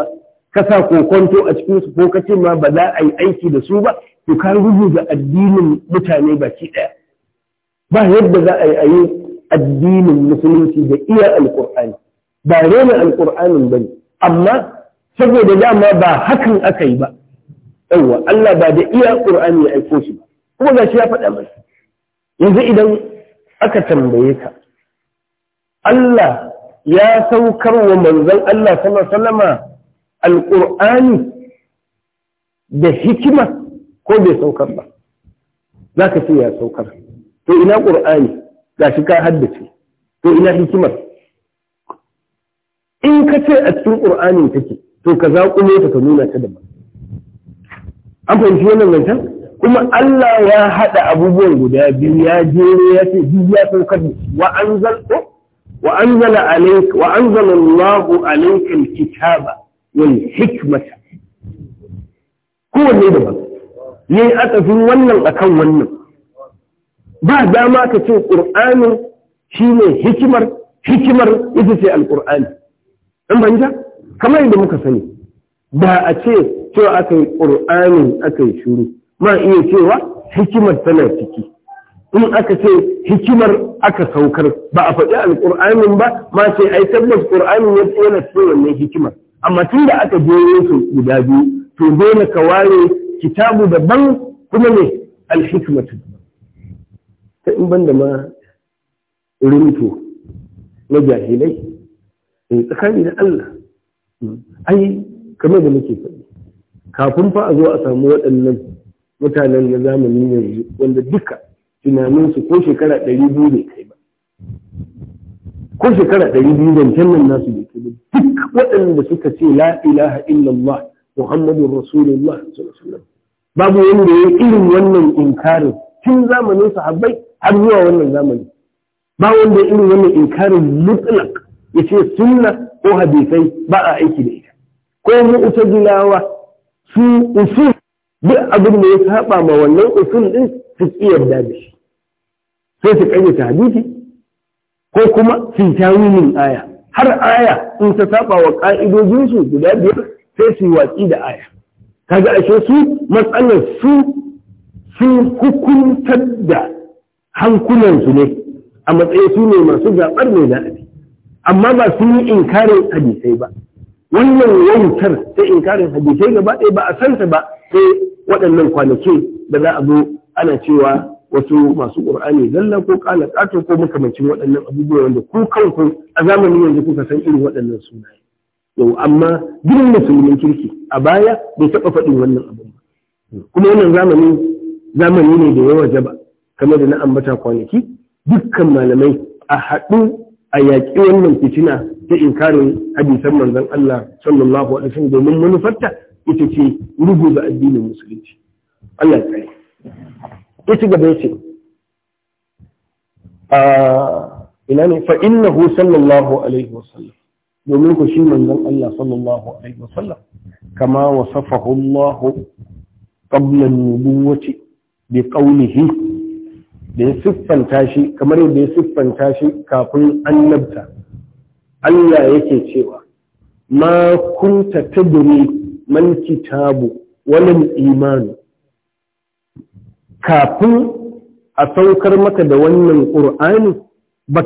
ka sa kokonto a cikin su ko ka ce ma ba za a yi aiki da su ba to ka rubuta addinin mutane baki daya ba yadda za a yi ayi addinin musulunci da iya alqur'ani ba rena alqur'anin bane amma saboda dama ba hakan aka yi ba yawa Allah ba da iya qur'ani ya aiko shi ba kuma shi ya faɗa masa yanzu idan aka tambaye ka Allah ya saukar wa manzon Allah sallallahu alaihi da hikima ko bai saukar ba Za ka ce ya saukar to ina qur'ani gashi ka haddace to ina hikimar in ka ce a cikin qur'ani take to ka zaƙulo ta ka nuna ta daban an fahimci wannan zancen kuma Allah ya haɗa abubuwan guda biyu ya jere ya ce duk ya saukar da wa an zalto wa anzala alayka wa anzala Allahu kitaba wal hikmata kowanne daban yayi akafin wannan akan wannan ba dama ka ce qur'anin shine hikimar hikimar ita ce al in an banja kamar yadda muka sani ba a ce cewa aka yi ƙur'anin aka yi shuru ma iya cewa hikimar tana ciki in aka ce hikimar aka saukar ba a faɗi alƙur'anin ba ma ce ai tabbas ƙur'anin ya tsira cikin wannan hikimar amma tun da aka je su guda biyu to dole ka ware kitabu daban kuma ne alhikmatu ta in ban da ma rinto na jahilai in eh, tsakani da Allah ai kamar da muke faɗi kafin fa a zo a samu waɗannan mutanen na zamani yanzu wanda duka tunaninsu ko shekara ɗari biyu bai kai ba ko shekara ɗari biyu zancen nan nasu ne kai ba duk waɗanda suka ce la ilaha illallah muhammadun rasulullah sallallahu babu wanda ya irin wannan inkarin tun zamanin sahabbai har zuwa wannan zamani ba wanda ya irin wannan inkarin mutlak ya ce sunna ko hadisai ba a aiki da ita ko gilawa su usul duk abin da ya saba ma wannan usul ɗin su iya yarda da shi sai su ta hadisi ko kuma su tawilin aya har aya in ta saba wa ƙa'idojinsu guda biyar sai su watsi da aya kaga ashe su matsalar su sun hukuntar da hankulansu ne a matsayin su ne masu zaɓar mai zaɓi amma ba su yi inkarin hadisai ba wannan wautar ta inkarin hadisai gaba ɗaya ba a san santa ba sai waɗannan kwanaki da za a zo ana cewa wasu masu ƙur'ani zalla ko ƙala ƙato ko makamancin waɗannan abubuwa wanda ko kanku a zamanin yanzu kuka san irin waɗannan sunaye yau amma girin musulmin kirki a baya bai taɓa faɗin wannan abin ba kuma wannan zamani zamani ne da yawa jaba kamar da na ambata kwanaki dukkan malamai a haɗu a yaƙi wannan fitina ta inkarin hadisan manzon Allah sallallahu alaihi wasallam domin manufarta ita ce ruguza addinin musulunci Allah ya kare. ya ci gaba ya ce ina ne fa innahu sallallahu alaihi wasallam domin ku shi manzon Allah sallallahu alaihi wasallam kama wasafahu Allah qabla an-nubuwati bi qawlihi da ya siffanta shi kamar yadda ya siffanta shi kafin annabta Allah yake cewa ma kunta tadri man kitabu wal imanu kafin a saukar maka da wannan ƙur'ani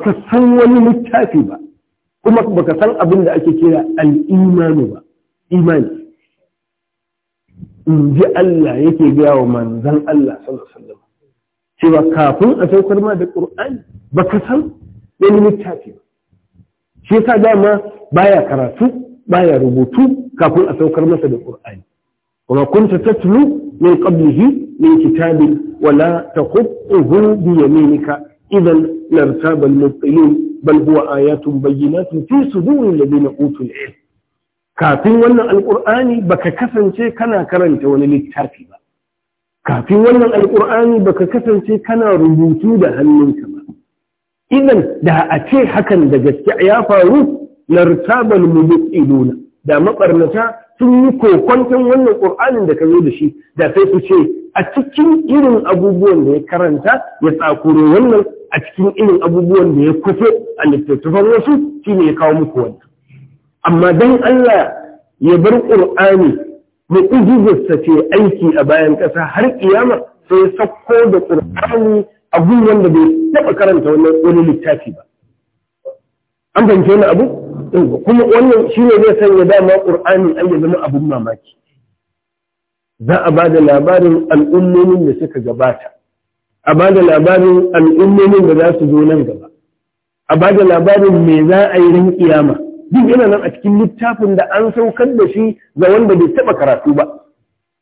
ka san wani littafi ba kuma baka san abin da ake kira alimani ba imani in ji Allah yake gaya wa manzan Allah sallallahu alaihi cewa kafin a saukar ma da ƙur'ani ka san wani littafi ba shi yasa dama baya karatu baya rubutu kafin a saukar masa da ƙur'ani وما كنت تتلو من قبله من كتاب ولا تخطه بيمينك إذا لارتاب المبطلون بل هو آيات بينات في صدور الذين أوتوا العلم كافي وانا القرآن بك كفن شيء كنا كرن تون كافي وانا القرآن بك كفن شيء كنا ربوتو ده كما إذا ده أتي حكا ده يا فاروق لارتاب المبطلون ده مقرنة sun yi kokonkin wannan ƙur'anin da ka zo da shi da sai su ce a cikin irin abubuwan da ya karanta ya tsakuro wannan a cikin irin abubuwan da ya kufe a littattafan wasu shi ne ya kawo muku wannan amma don Allah ya bar ƙur'ani mu ujizarsa ce aiki a bayan ƙasa har ƙiyama sai ya sauko da ƙur'ani abun wanda bai taɓa karanta wani littafi ba an fahimci wani abu kuma wannan shi ne zai sanya dama ƙur'ani ai yi zama abin mamaki za a ba da labarin al'ummomin da suka gabata a ba da labarin al'ummomin da za su zo nan gaba a ba da labarin me za a yi rin kiyama duk yana nan a cikin littafin da an saukar da shi ga wanda bai taba karatu ba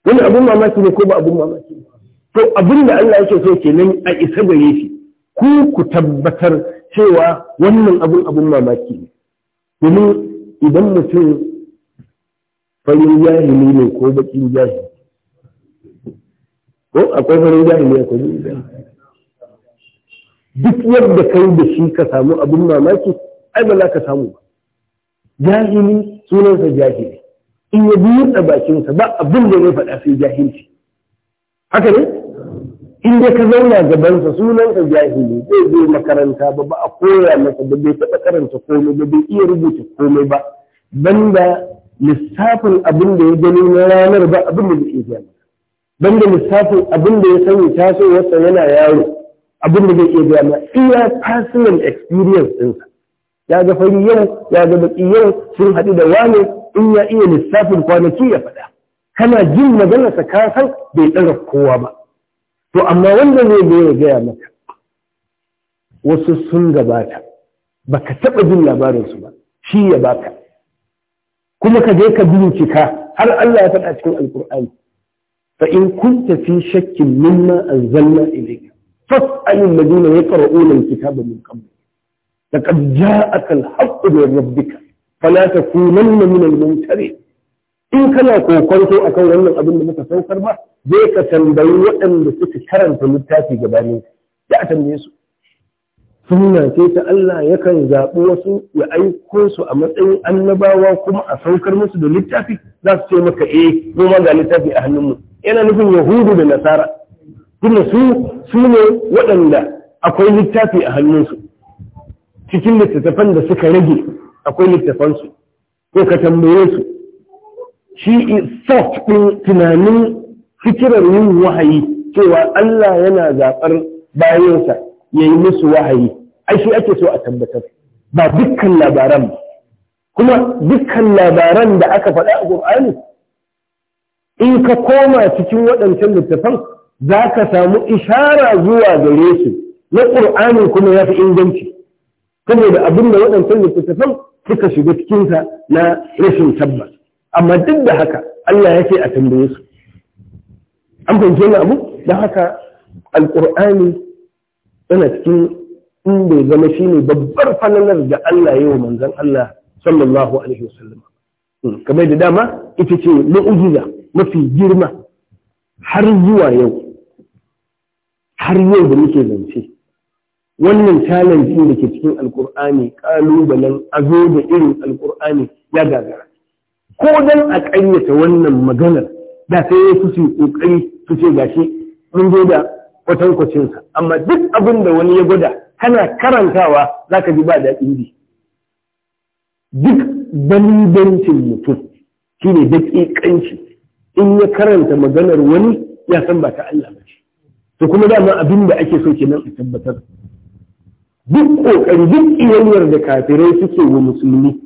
wani abin mamaki ne ko ba abin mamaki ne to abin da Allah yake so kenan a isa gare shi ku ku tabbatar cewa wannan abin abin mamaki ne domin idan mutum farin jahili ne ko bakin jahili ko akwai farin jahili akwai bakin jahili duk yadda kai da shi ka samu abin mamaki ai ba za ka samu ba jahili sunansa jahili in ya biyar da bakinsa ba abin da zai faɗa sai jahilci haka ne in dai ka zauna gabansa sunan ka jahili zai zo makaranta ba ba a koya masa ba bai taɓa karanta komai ba bai iya rubuta komai ba banda lissafin abin da ya gani na ranar ba abin da zai iya banda lissafin abin da ya sani tasowarsa yana yaro abin da zai iya gaya ma iya personal experience ɗinsa ya ga fari yau ya ga baki yau sun haɗu da wane in ya iya lissafin kwanaki ya faɗa kana jin maganarsa ka san bai ɗaga kowa ba to amma wanda zai zo ya gaya maka wasu sun gabata baka taɓa jin labarinsu ba shi ya baka kuma ka je ka bincika har Allah ya faɗa cikin alkur'ani fa in kunta fi shakkin mimma anzalna ilayka fas'al alladhina yaqra'una alkitaba min akan laqad ja'aka alhaq min rabbika fala takunanna min almumtarin in kana kokonto akan wannan abin da muka saukar ba zai ka tambayi waɗanda suka karanta littafi gabanin da a tambaye su suna ce ta Allah yakan zaɓi wasu ya aiko su a matsayin annabawa kuma a saukar musu da littafi za su ce maka eh mu ma ga littafi a hannunmu yana nufin yahudu da nasara kuma su su ne waɗanda akwai littafi a hannunsu cikin littattafan da suka rage akwai littafansu ko ka tambaye su shi soft ɗin tunanin fikirar yin wahayi cewa Allah yana zaɓar bayansa ya yi musu wahayi ai ake so a tabbatar ba dukkan labaran ba kuma dukkan labaran da aka faɗa a ƙur'ani, in ka koma cikin waɗancan littafan za ka samu ishara zuwa gare su na ƙur'ani kuma ya fi inganci saboda abin da waɗancan littattafan suka shiga cikinsa na rashin tabbas amma duk da haka Allah ya ce a tambaye su an fahimci wannan abu don haka alƙur'ani yana cikin in bai zama shine babbar falalar da Allah ya wa manzon Allah sallallahu alaihi sallam. Hmm. kamar da dama ita ce mu'ujiza mafi girma har zuwa yau har yau da muke zance wannan challenge da ke cikin alkur'ani kalubalen azo da irin alkur'ani ya gagara ko dan a ƙayyata wannan maganar da sai ya fi kokari su ce gashi mun je da kwatankwacinsa amma duk abin da wani ya gwada kana karantawa za ka ji ba daɗin bi. duk dalibancin mutum shi ne daƙiƙanci in ya karanta maganar wani ya san ba ta Allah ba ce to kuma dama abin da ake so kenan a tabbatar duk ƙoƙari duk iyayyar da kafirai suke wa musulmi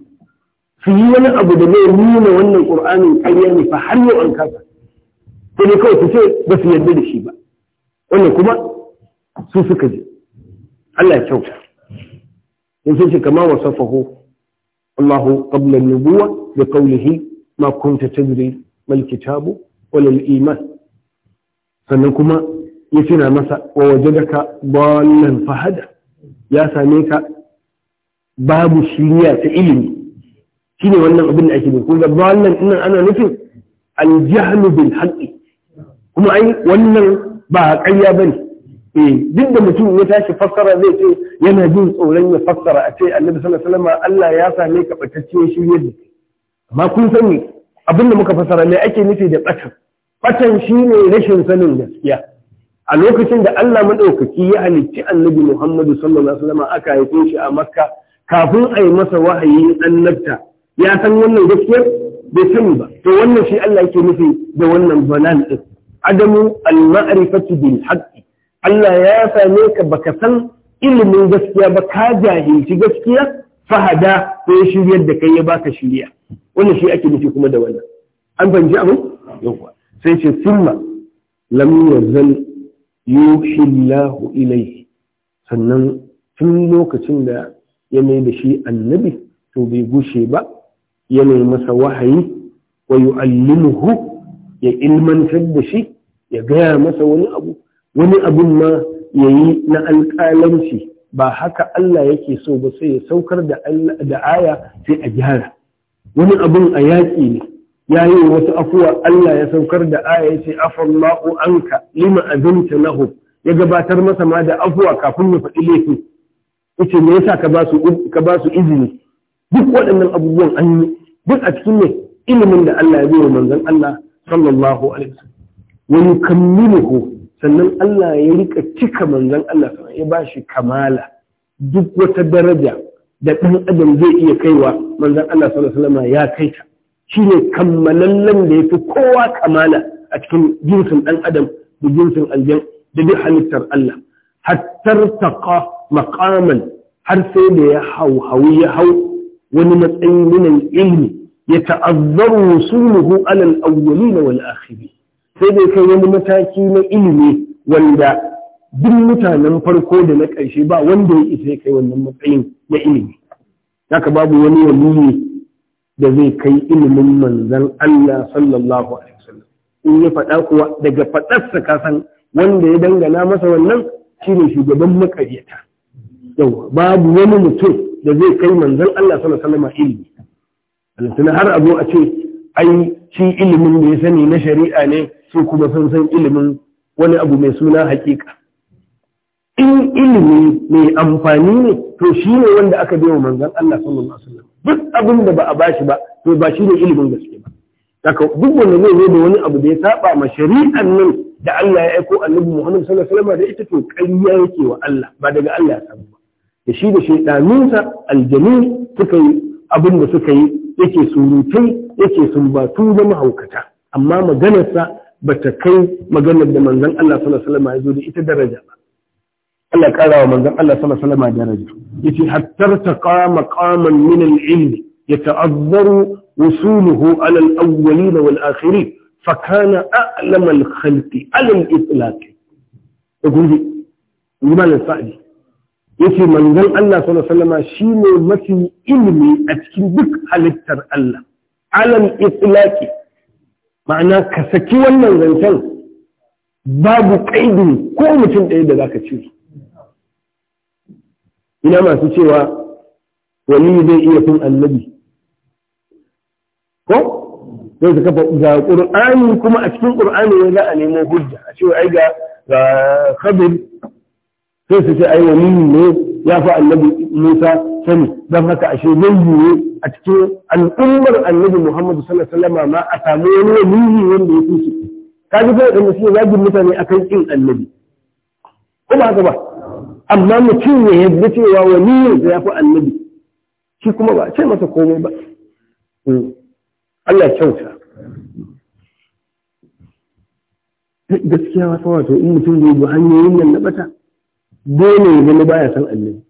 su yi wani abu da zai nuna wannan ƙur'anin ƙarya ne fa har yau an kasa sai dai kawai su ce ba su yarda da shi ba wannan kuma su suka ji Allah ya kyauta in sun ce kama wasafahu الله قبل النبوة بقوله ما كنت تدري ما الكتاب ولا الإيمان فنكما يتنا مسا ووجدك ضالا فهدى يا ساميك باب الشريعة علمي شنو وانا ابن أكيد يقول ضالا إن أنا نفي الجهل بالحق kuma ai wannan ba ƙarya ba ne. Eh, duk da mutum ya tashi fassara zai ce yana jin tsoron ya fassara a ce annabi sallallahu alaihi wasallam Allah ya same ka batacciyar shirye da amma kun sani abin da muka fassara ne ake nufi da batan batan shine rashin sanin gaskiya a lokacin da Allah madaukaki ya halicci annabi Muhammadu sallallahu alaihi wasallam aka haife shi a Makka kafin a yi masa wahayi annabta ya san wannan gaskiyar bai sani ba to wannan shi Allah yake nufi da wannan banal din adamu al-ma'rifati bil haqqi Allah ya same ka baka san ilimin gaskiya ba ka jahilci gaskiya fahada ko ya shiryar da kai ya baka shiriya wannan shi ake nufi kuma da wannan an fahimci abin yawa sai ce summa lam yazal yuhi Allahu ilayhi sannan tun lokacin da ya mai da shi annabi to bai gushe ba ya mai masa wahayi wa yu'allimuhu ya ilmantar da shi ya gaya masa wani abu wani abun ma ya yi na alƙalanci ba haka Allah yake so ba sai ya saukar da aya sai a gyara wani abun a yaƙi ne ya yi wasu afuwa Allah ya saukar da aya ya ce afallahu anka lima azinta lahu ya gabatar masa ma da afuwa kafin ya faɗi laifin yace me yasa ka ba su izini duk waɗannan abubuwan an yi duk a cikin ne ilimin da Allah ya bai wa manzon Allah Wani alaihi wasallam sannan Allah ya rika cika manzon Allah sallallahu ya bashi kamala duk wata daraja da ɗan adam zai iya kaiwa manzon Allah sallallahu alaihi wasallam ya kai ta shine kammalallen da yafi kowa kamala a cikin jinsin ɗan adam da jinsin aljan da duk halittar Allah hattar taqa maqaman har sai da ya hau hau ya hau wani matsayin minan ilmi yata'azzaru wusuluhu ala al-awwalin wal akhirin sai dai kai wani mataki na ilimi wanda duk mutanen farko da na ƙarshe ba wanda ya isa kai wannan matsayin na ilimi haka babu wani waliyi da zai kai ilimin manzan Allah sallallahu alaihi wasallam in ya faɗa kuwa daga faɗarsa ka san wanda ya dangana masa wannan shine shugaban makaryata yawa babu wani mutum da zai kai manzan Allah sallallahu alaihi wasallam ilimi alantana har a a ce ai shi ilimin da ya sani na shari'a ne su kuma sun san ilimin wani abu mai suna hakika in ilimi mai amfani ne to shi ne wanda aka bai wa manzan Allah sallallahu alaihi wasallam duk abin da ba a bashi ba to ba shi ne ilimin gaske ba daga duk wanda zai zo da wani abu da ya saba ma shari'an nan da Allah ya aiko annabi Muhammad sallallahu alaihi wasallam da ita to ƙarya yake wa Allah ba daga Allah ya samu ba da shi da shaydaninsa aljamin suka yi abin da suka yi yake surutai yake sumbatu na mahaukata amma maganarsa ba ta kai maganar da manzon Allah sallallahu alaihi wasallam ya zo da ita daraja ba Allah kara wa manzon Allah sallallahu alaihi wasallam daraja yace hattar taqa maqaman min al-ilm yata'azzaru wusuluhu ala al-awwalin wal akhirin فكان أعلم الخلق على الإطلاق يقول لي إمام السعدي yace manzon Allah sallallahu alaihi wasallam shine mafi ilimi a cikin duk halittar Allah alam itlaqi ma'ana ka saki wannan zancen babu kaidi ko mutum ɗaya da zaka ci ina masu cewa wani zai iya fin annabi ko zai su kafa ga ƙur'ani kuma a cikin ƙur'ani ne za a nemo hujja a cewa ai ga khabir sai su ce ai wani ne ya fi annabi Musa sani don haka ashe mai yiwu a cikin al'ummar annabi Muhammadu sallallahu ma a samu wani wani yiwu wanda ya kusa kaji sai da mutum zagi mutane akan ƙin annabi kuma haka ba amma mutum ya yadda cewa wani da ya fi annabi shi kuma ba a ce masa komai ba hmm. Allah kyauta gaskiya wata wato in mutum zai bi hanyoyin nan na bata dole ya zama baya san annabi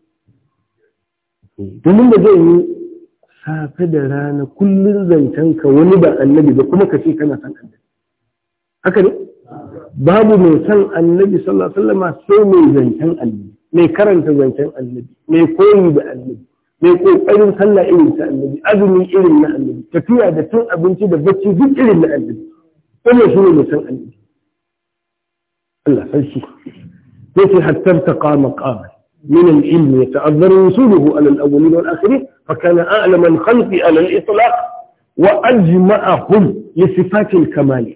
domin da zai yi safe da rana kullum zancen ka wani ba annabi ba kuma ka ce kana san annabi haka ne babu mai san annabi sallallahu alaihi wasallam sai mai zancen annabi mai karanta zancen annabi mai koyi da annabi mai kokarin sallah irin ta annabi azumi irin na annabi tafiya da tun abinci da bacci duk irin na annabi kuma shi ne mai san annabi Allah sarki ليس حتى ارتقى مقام من العلم يتعذر وصوله على الأولين والآخرين فكان أعلم الخلق على الإطلاق وأجمعهم لصفات الكمال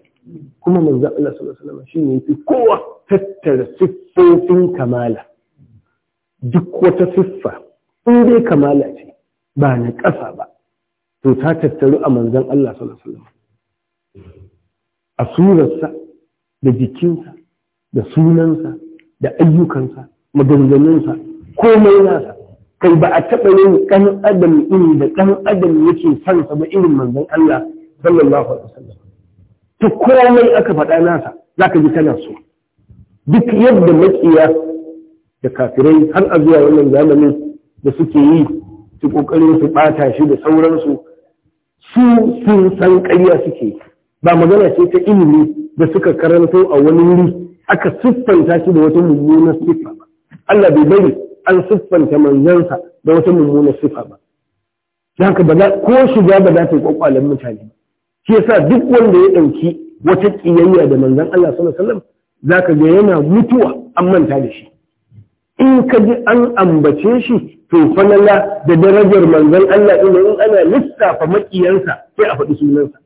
كما من ذا الله صلى الله عليه وسلم شيء في قوة تتر صفوف كمالة دكوة صفة إنه كمالة بانك أصابة تتتر أمن ذا الله صلى الله عليه وسلم a surarsa da jikinsa da sunansa da ayyukansa maganganunsa komai nasa kai ba a taɓa yin ɗan adam iri da ɗan adam yake son sa ba irin manzon Allah sallallahu alaihi wasallam to komai aka faɗa nasa zaka ji kana so duk yadda makiya da kafirai har a zuwa wannan zamanin da suke yi su kokarin su bata shi da sauransu su sun san ƙarya suke ba magana ce ta ilimi da suka karanto a wani wuri aka siffanta shi da wata mummunar siffa ba Allah bai bari an siffanta manzansa da wata mummunar siffa ba ba ko shiga ba za ta yi kwakwalen mutane shi yasa duk wanda ya ɗauki wata ƙiyayya da manzan Allah sallallahu alaihi wasallam ga yana mutuwa an manta da shi in ka ji an ambace shi to falala da darajar manzan Allah inda in ana lissafa maƙiyansa sai a faɗi sunansa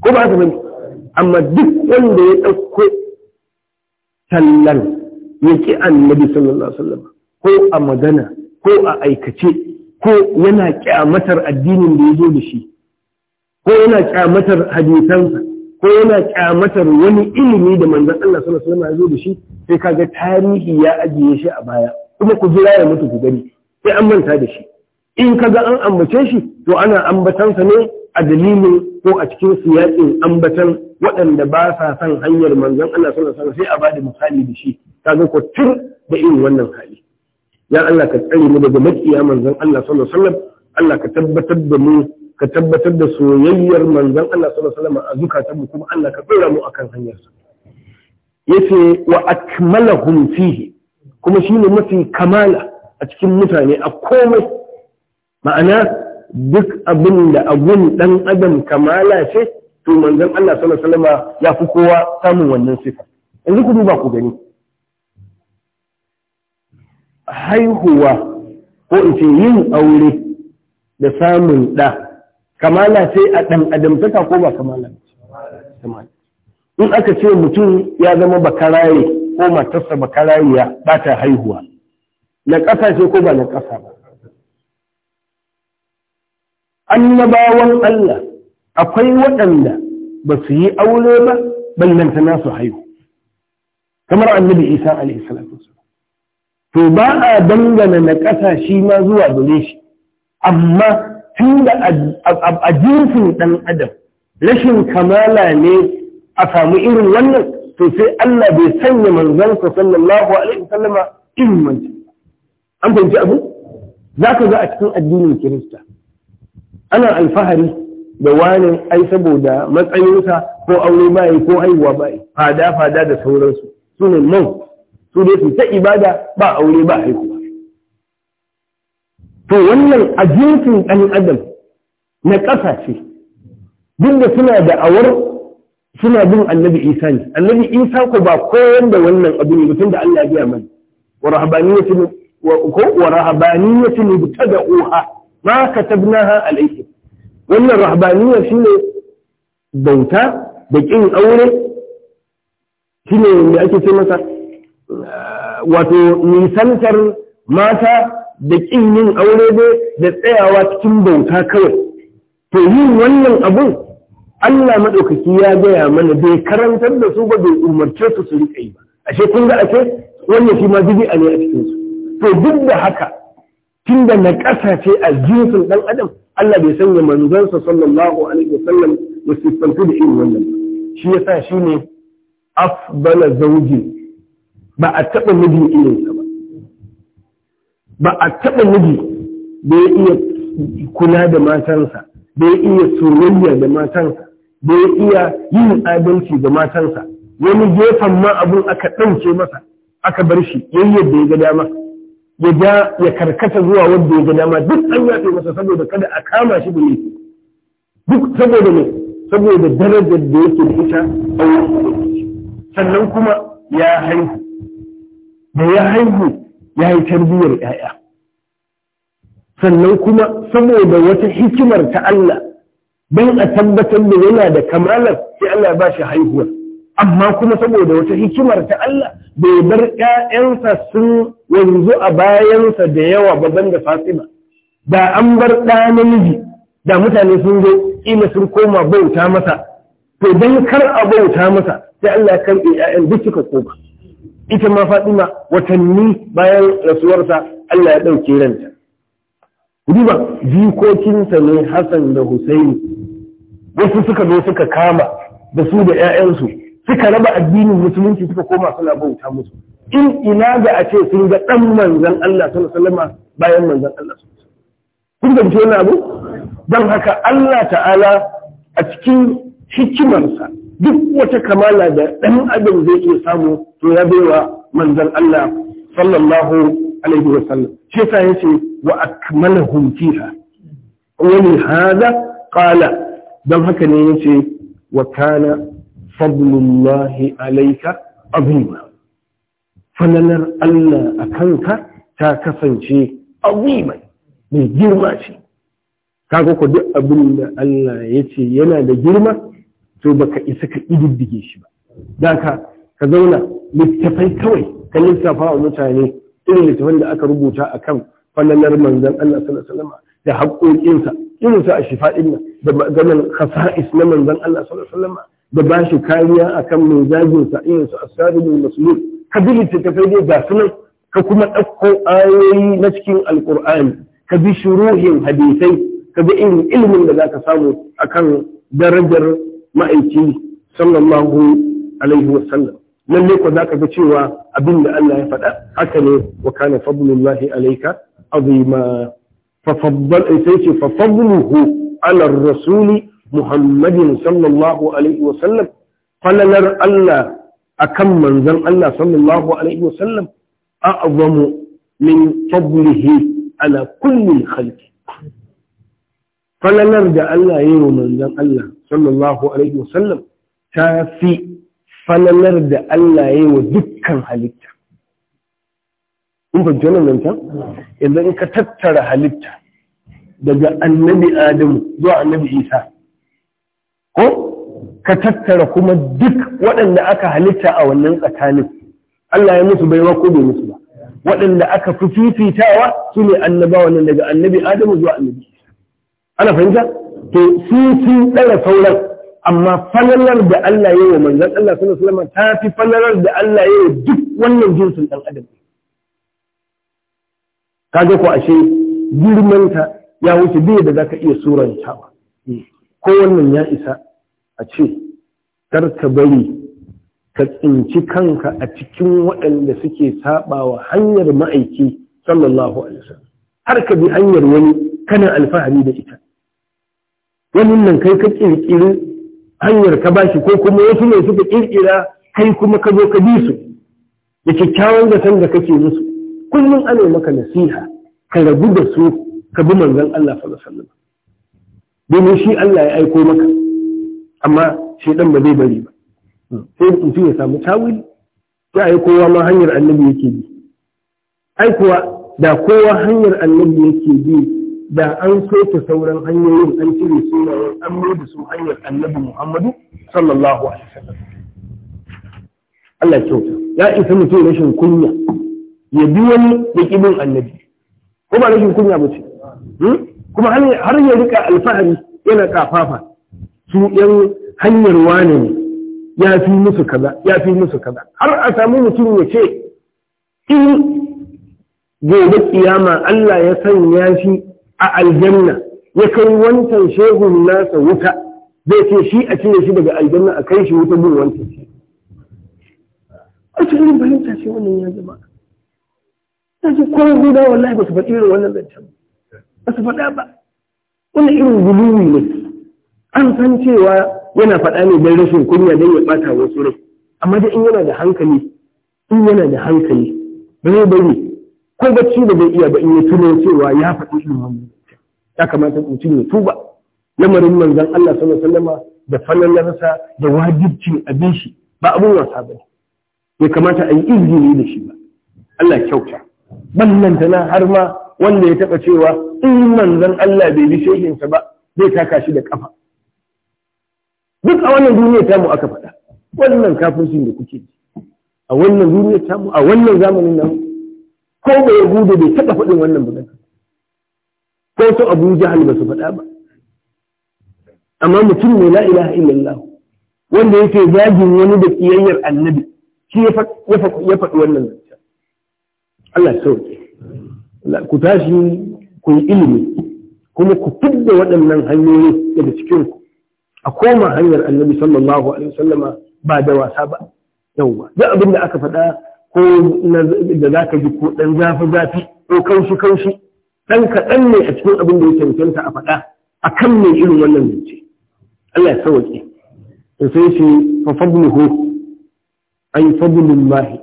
ko ba ta amma duk wanda ya ɗauko sallan yake annabi sallallahu alaihi wasallam ko a magana ko a aikace ko yana kyamatar addinin da ya zo da shi ko yana kyamatar hadisansa ko yana kyamatar wani ilimi da manzon Allah sallallahu alaihi wasallam ya zo da shi sai kaga tarihi ya ajiye shi a baya kuma ku jira ya mutu ku gani sai an manta da shi in kaga an ambace shi to ana ambatansa ne A dalilin ko a cikin siyaƙin ambatan waɗanda ba sa son hanyar manzon Allah sallallahu alaihi sai a bada misali da shi ta kaga ko tun da irin wannan hali ya Allah ka tsare mu daga makiya manzon Allah sallallahu alaihi wasallam Allah ka tabbatar da mu ka tabbatar da soyayyar manzon Allah sallallahu alaihi wasallam a zukatan mu kuma Allah ka tsira mu akan hanyar sa yace wa akmalahum fihi kuma shine mafi kamala a cikin mutane a komai ma'ana duk abin da abin ɗan adam kamala ce to manzon Allah sallallahu alaihi wasallama ya fi kowa samun wannan sifa yanzu ku duba ku gani haihuwa ko in ce yin aure da samun ɗa kamala ce a ɗan ta ko ba kamala in aka ce mutum ya zama bakaraye ko matarsa bakarariya ba ta haihuwa na ƙasa ce ko ba na ƙasa ba annabawan Allah akwai waɗanda ba su yi aure ba ballantana su haihu kamar annabi isa alaihi salatu to ba a dangana na ƙasa shi ma zuwa gare shi amma tun da a jinsin ɗan adam rashin kamala ne a samu irin wannan to sai Allah bai sanya manzansa sallallahu alaihi wasallama irin wancan an fahimci abu za ka ga a cikin addinin kirista ana alfahari da wani ai saboda matsayinsa ko aure bayi ko haihuwa bayi fada fada da sauransu su ne man su dai su ta ibada ba aure ba haihuwa to wannan a jinsin adam na ƙasa ce duk da suna da awar suna bin annabi isa ne annabi isa ko ba koyan da wannan abu ne mutum da Allah ya biya mana wa rahabaniyatu ko wa rahabaniyatu ne ta uha ma katabnaha alayhi wannan rahbaniyya shine bauta da kin aure shine me ake ce masa wato nisantar mata da kin yin aure da tsayawa cikin bauta kawai to yin wannan abun Allah maɗaukaki ya gaya mana bai karantar da su ba bai umarce su su riƙa yi ba ashe kun ga ashe wannan shi ma bidi'a ne a cikinsu. to duk da haka tun da na ƙasa ce a jinsin ɗan adam Allah bai sanya manzansa sallallahu alaihi wasallam da siffantu da irin wannan shi ya sa shi ne afdala zauji ba a taɓa miji irinsa ba ba a taɓa miji da ya iya kula da matansa da ya iya soyayya da matansa da ya iya yin adalci da matansa wani gefen ma abun aka ɗauke masa aka bar shi yayyar da ya gada dama ya ja ya karkata zuwa wanda ya ga dama duk an yafe masa saboda kada a kama shi da laifi duk saboda ne saboda darajar da yake da ita a sannan kuma ya haihu da ya haihu ya yi tarbiyyar 'ya'ya sannan kuma saboda wata hikimar ta Allah don a tabbatar da yana da kamalar sai Allah ba shi haihuwar amma kuma saboda wata hikimar ta Allah bai bar ‘ya'yansa sun wanzu a bayansa da yawa zan da fatima da an bar ɗa namiji da mutane sun zo ila sun koma bauta masa to don kar a bauta masa sai Allah kan ‘ya'yan duk suka koma ita ma fatima watanni bayan rasuwarsa Allah ya ɗauke ranta duba jikokinsa ne Hassan da Husaini wasu suka zo suka kama da su da ‘ya'yansu suka raba addinin musulunci suka koma suna bauta musu in ina ga a ce sun ga dan manzon Allah sallallahu alaihi wasallam bayan manzon Allah Kun gamce wannan abu don haka Allah ta'ala a cikin hikimarsa duk wata kamala da ɗan adam zai iya samu to ya baiwa manzon Allah sallallahu alaihi wa sallam shi yasa yace wa akmalahum fiha wani hada qala don haka ne yace wa kana fadlullahi alaika azima falalar Allah a kanka ta kasance azima mai girma ce kaga ko duk abin da Allah ya ce yana da girma to baka isa ka ididdige shi ba daka ka zauna littafai kawai ka lissafa wa mutane irin littafan da aka rubuta akan falalar manzon Allah sallallahu alaihi wasallam da haƙoƙinsa irin sa a shifa da maganar khasa'is na manzon Allah da ba shi kariya akan mai zagin sa irin su asabul musulun. ka bi littattafai dai ga sunan ka kuma ɗauko ayoyi na cikin alqur'ani ka bi shuruhin hadisai ka bi irin ilimin da zaka samu akan darajar ma'aiki sallallahu alaihi sallam. lalle ko ka ga cewa abin da Allah ya faɗa haka ne wa kana fadlullahi alayka azima fa faddal sai ce fa fadluhu ala rasuli محمد صلى الله عليه وسلم قال لر الله أكم من ذن الله صلى الله عليه وسلم أعظم من فضله على كل الخلق قال لر دع الله ير من ذن الله صلى الله عليه وسلم تافي فلا لر دع الله ير دكا حليتا انت جنة انت إذا انك تتر حليتا دجا النبي آدم دعا النبي إيسان ko ka tattara kuma duk waɗanda aka halitta a wannan tsakanin Allah ya musu baiwa ko bai musu ba waɗanda aka fi fifitawa su ne annabawa nan daga annabi Adamu zuwa annabi ana fahimta to su sun ɗara sauran amma falalar da Allah ya wa manzon Allah sallallahu alaihi wasallam ta fi falalar da Allah ya wa duk wannan jinsin dan adam kaga ko ashe girmanta ya wuce bai da zaka iya surantawa hmm. kowannan ya isa a ce kar ka bari ka tsinci kanka a cikin waɗanda suke saɓawa hanyar ma'aiki sallallahu alaihi wasallam har ka bi hanyar wani kana alfahari da ita wani nan kai ka kirkiri hanyar ka bashi ko kuma wasu ne suka kirkira kai kuma ka zo ka bi su da kyakkyawan zaton da kake musu kullum ana maka nasiha ka rabu da su ka bi manzon Allah sallallahu alaihi wasallam domin shi Allah ya aiko maka amma shi dan ba zai bari ba sai mutum ya samu tawili sai ai kowa ma hanyar annabi yake bi ai da kowa hanyar annabi yake bi da an soke sauran hanyoyin an cire sunayen an mai da su hanyar annabi Muhammadu sallallahu alaihi wasallam Allah kyauta ya isa mutum rashin kunya ya bi wani da kibin annabi ko ba rashin kunya ba ce hmm? kuma har ya rika alfahari yana kafafa su yan hanyar wane ne ya fi musu kaza ya fi musu kaza har a samu mutum ya ce in gobe kiyama Allah ya sanya shi a aljanna ya kai wancan shehun nasa wuta zai ce shi a cire shi daga aljanna a kai shi wuta bin wancan shi a cikin fahimta ce wannan ya zama ta ce kowa guda wallahi ba su faɗi irin wannan zancen ba su faɗa ba wani irin guluwi ne an san cewa yana faɗa ne don rashin kunya don ya ɓata wasu rai amma da in yana da hankali in yana da hankali ba bari ko bacci da zai iya ba in ya tuno cewa ya faɗi irin wannan ya kamata mutum ya tuba lamarin manzon Allah sallallahu alaihi wasallama da falalarsa da wajibcin abin shi ba abun wasa ba ne ya kamata a yi izini da shi ba Allah kyauta ballantana har ma wanda ya taɓa cewa in manzon Allah bai bi shehinsa ba zai taka shi da kafa duk a wannan duniya ta mu aka faɗa wannan kafircin da kuke a wannan duniya ta mu, a wannan zamanin nan ko bai yahudu bai taɓa faɗin wannan magana ko su abu jahal ba su faɗa ba amma mutum ne la ilaha illallah wanda yake zagin wani da kiyayyar annabi shi ya faɗi wannan zancen Allah sauke ku tashi ku yi ilimi kuma ku fidda waɗannan hanyoyi daga cikin ku a koma hanyar annabi sallallahu alaihi wasallama ba da wasa ba yawwa duk abin da aka faɗa ko da za ka ji ko ɗan zafi zafi ko kaushi kaushi ɗan kaɗan ne a cikin abin da ya cancanta a faɗa a kan mai irin wannan zance Allah ya sauke to sai shi fa fadluhu ay fadlullahi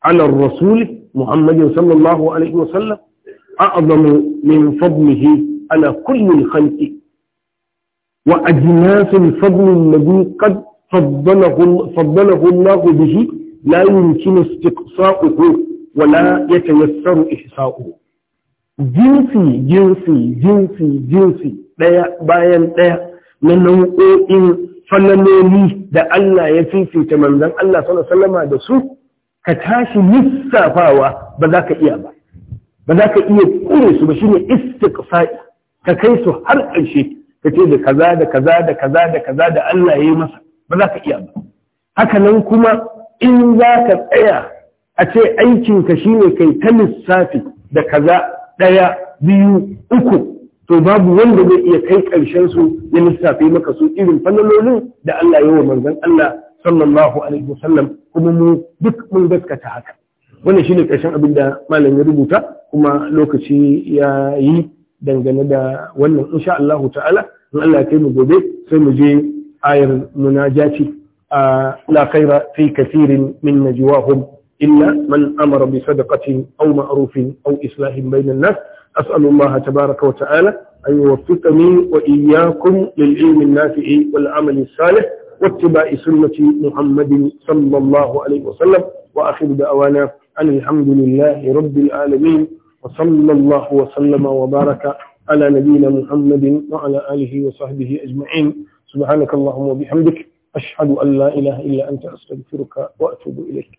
ala rasuli محمد صلى الله عليه وسلم أعظم من فضله على كل الخلق وأجناس الفضل الذي قد فضله, فضله الله به لا يمكن استقصاؤه ولا يتيسر إحصاؤه جنسي جنسي جنسي jinsi ɗaya bayan ɗaya na nau'o'in falaloli da Allah تمنزل الله صلى الله عليه وسلم da سوء ka tashi lissafawa ba za ka iya ba ba za ka iya kure su ba shine istiqsa'i ka kai su har ƙarshe ka ce da kaza da kaza da kaza da kaza da Allah ya yi masa ba za ka iya ba haka nan kuma in za ka tsaya a ce aikinka shine kai ta lissafi da kaza ɗaya biyu uku to babu wanda zai iya kai ƙarshen su ya lissafi maka su irin falalolin da Allah ya wa manzon Allah sallallahu alaihi wasallam kuma mu duk mun gaskata haka wannan shine karshen abin da malam ya rubuta kuma lokaci ya yi dangane da wannan insha Allah ta'ala in Allah ya kai mu gobe sai mu je ayar munajati la khaira fi kathirin min najwahum illa man amara bi sadaqatin aw ma'rufin aw islahin bainan nas أسأل الله تبارك وتعالى أن يوفقني وإياكم للعلم النافع والعمل الصالح واتباع سنة محمد صلى الله عليه وسلم وآخر دعوانا أن الحمد لله رب العالمين وصلى الله وسلم وبارك على نبينا محمد وعلى آله وصحبه أجمعين سبحانك اللهم وبحمدك أشهد أن لا إله إلا أنت أستغفرك وأتوب إليك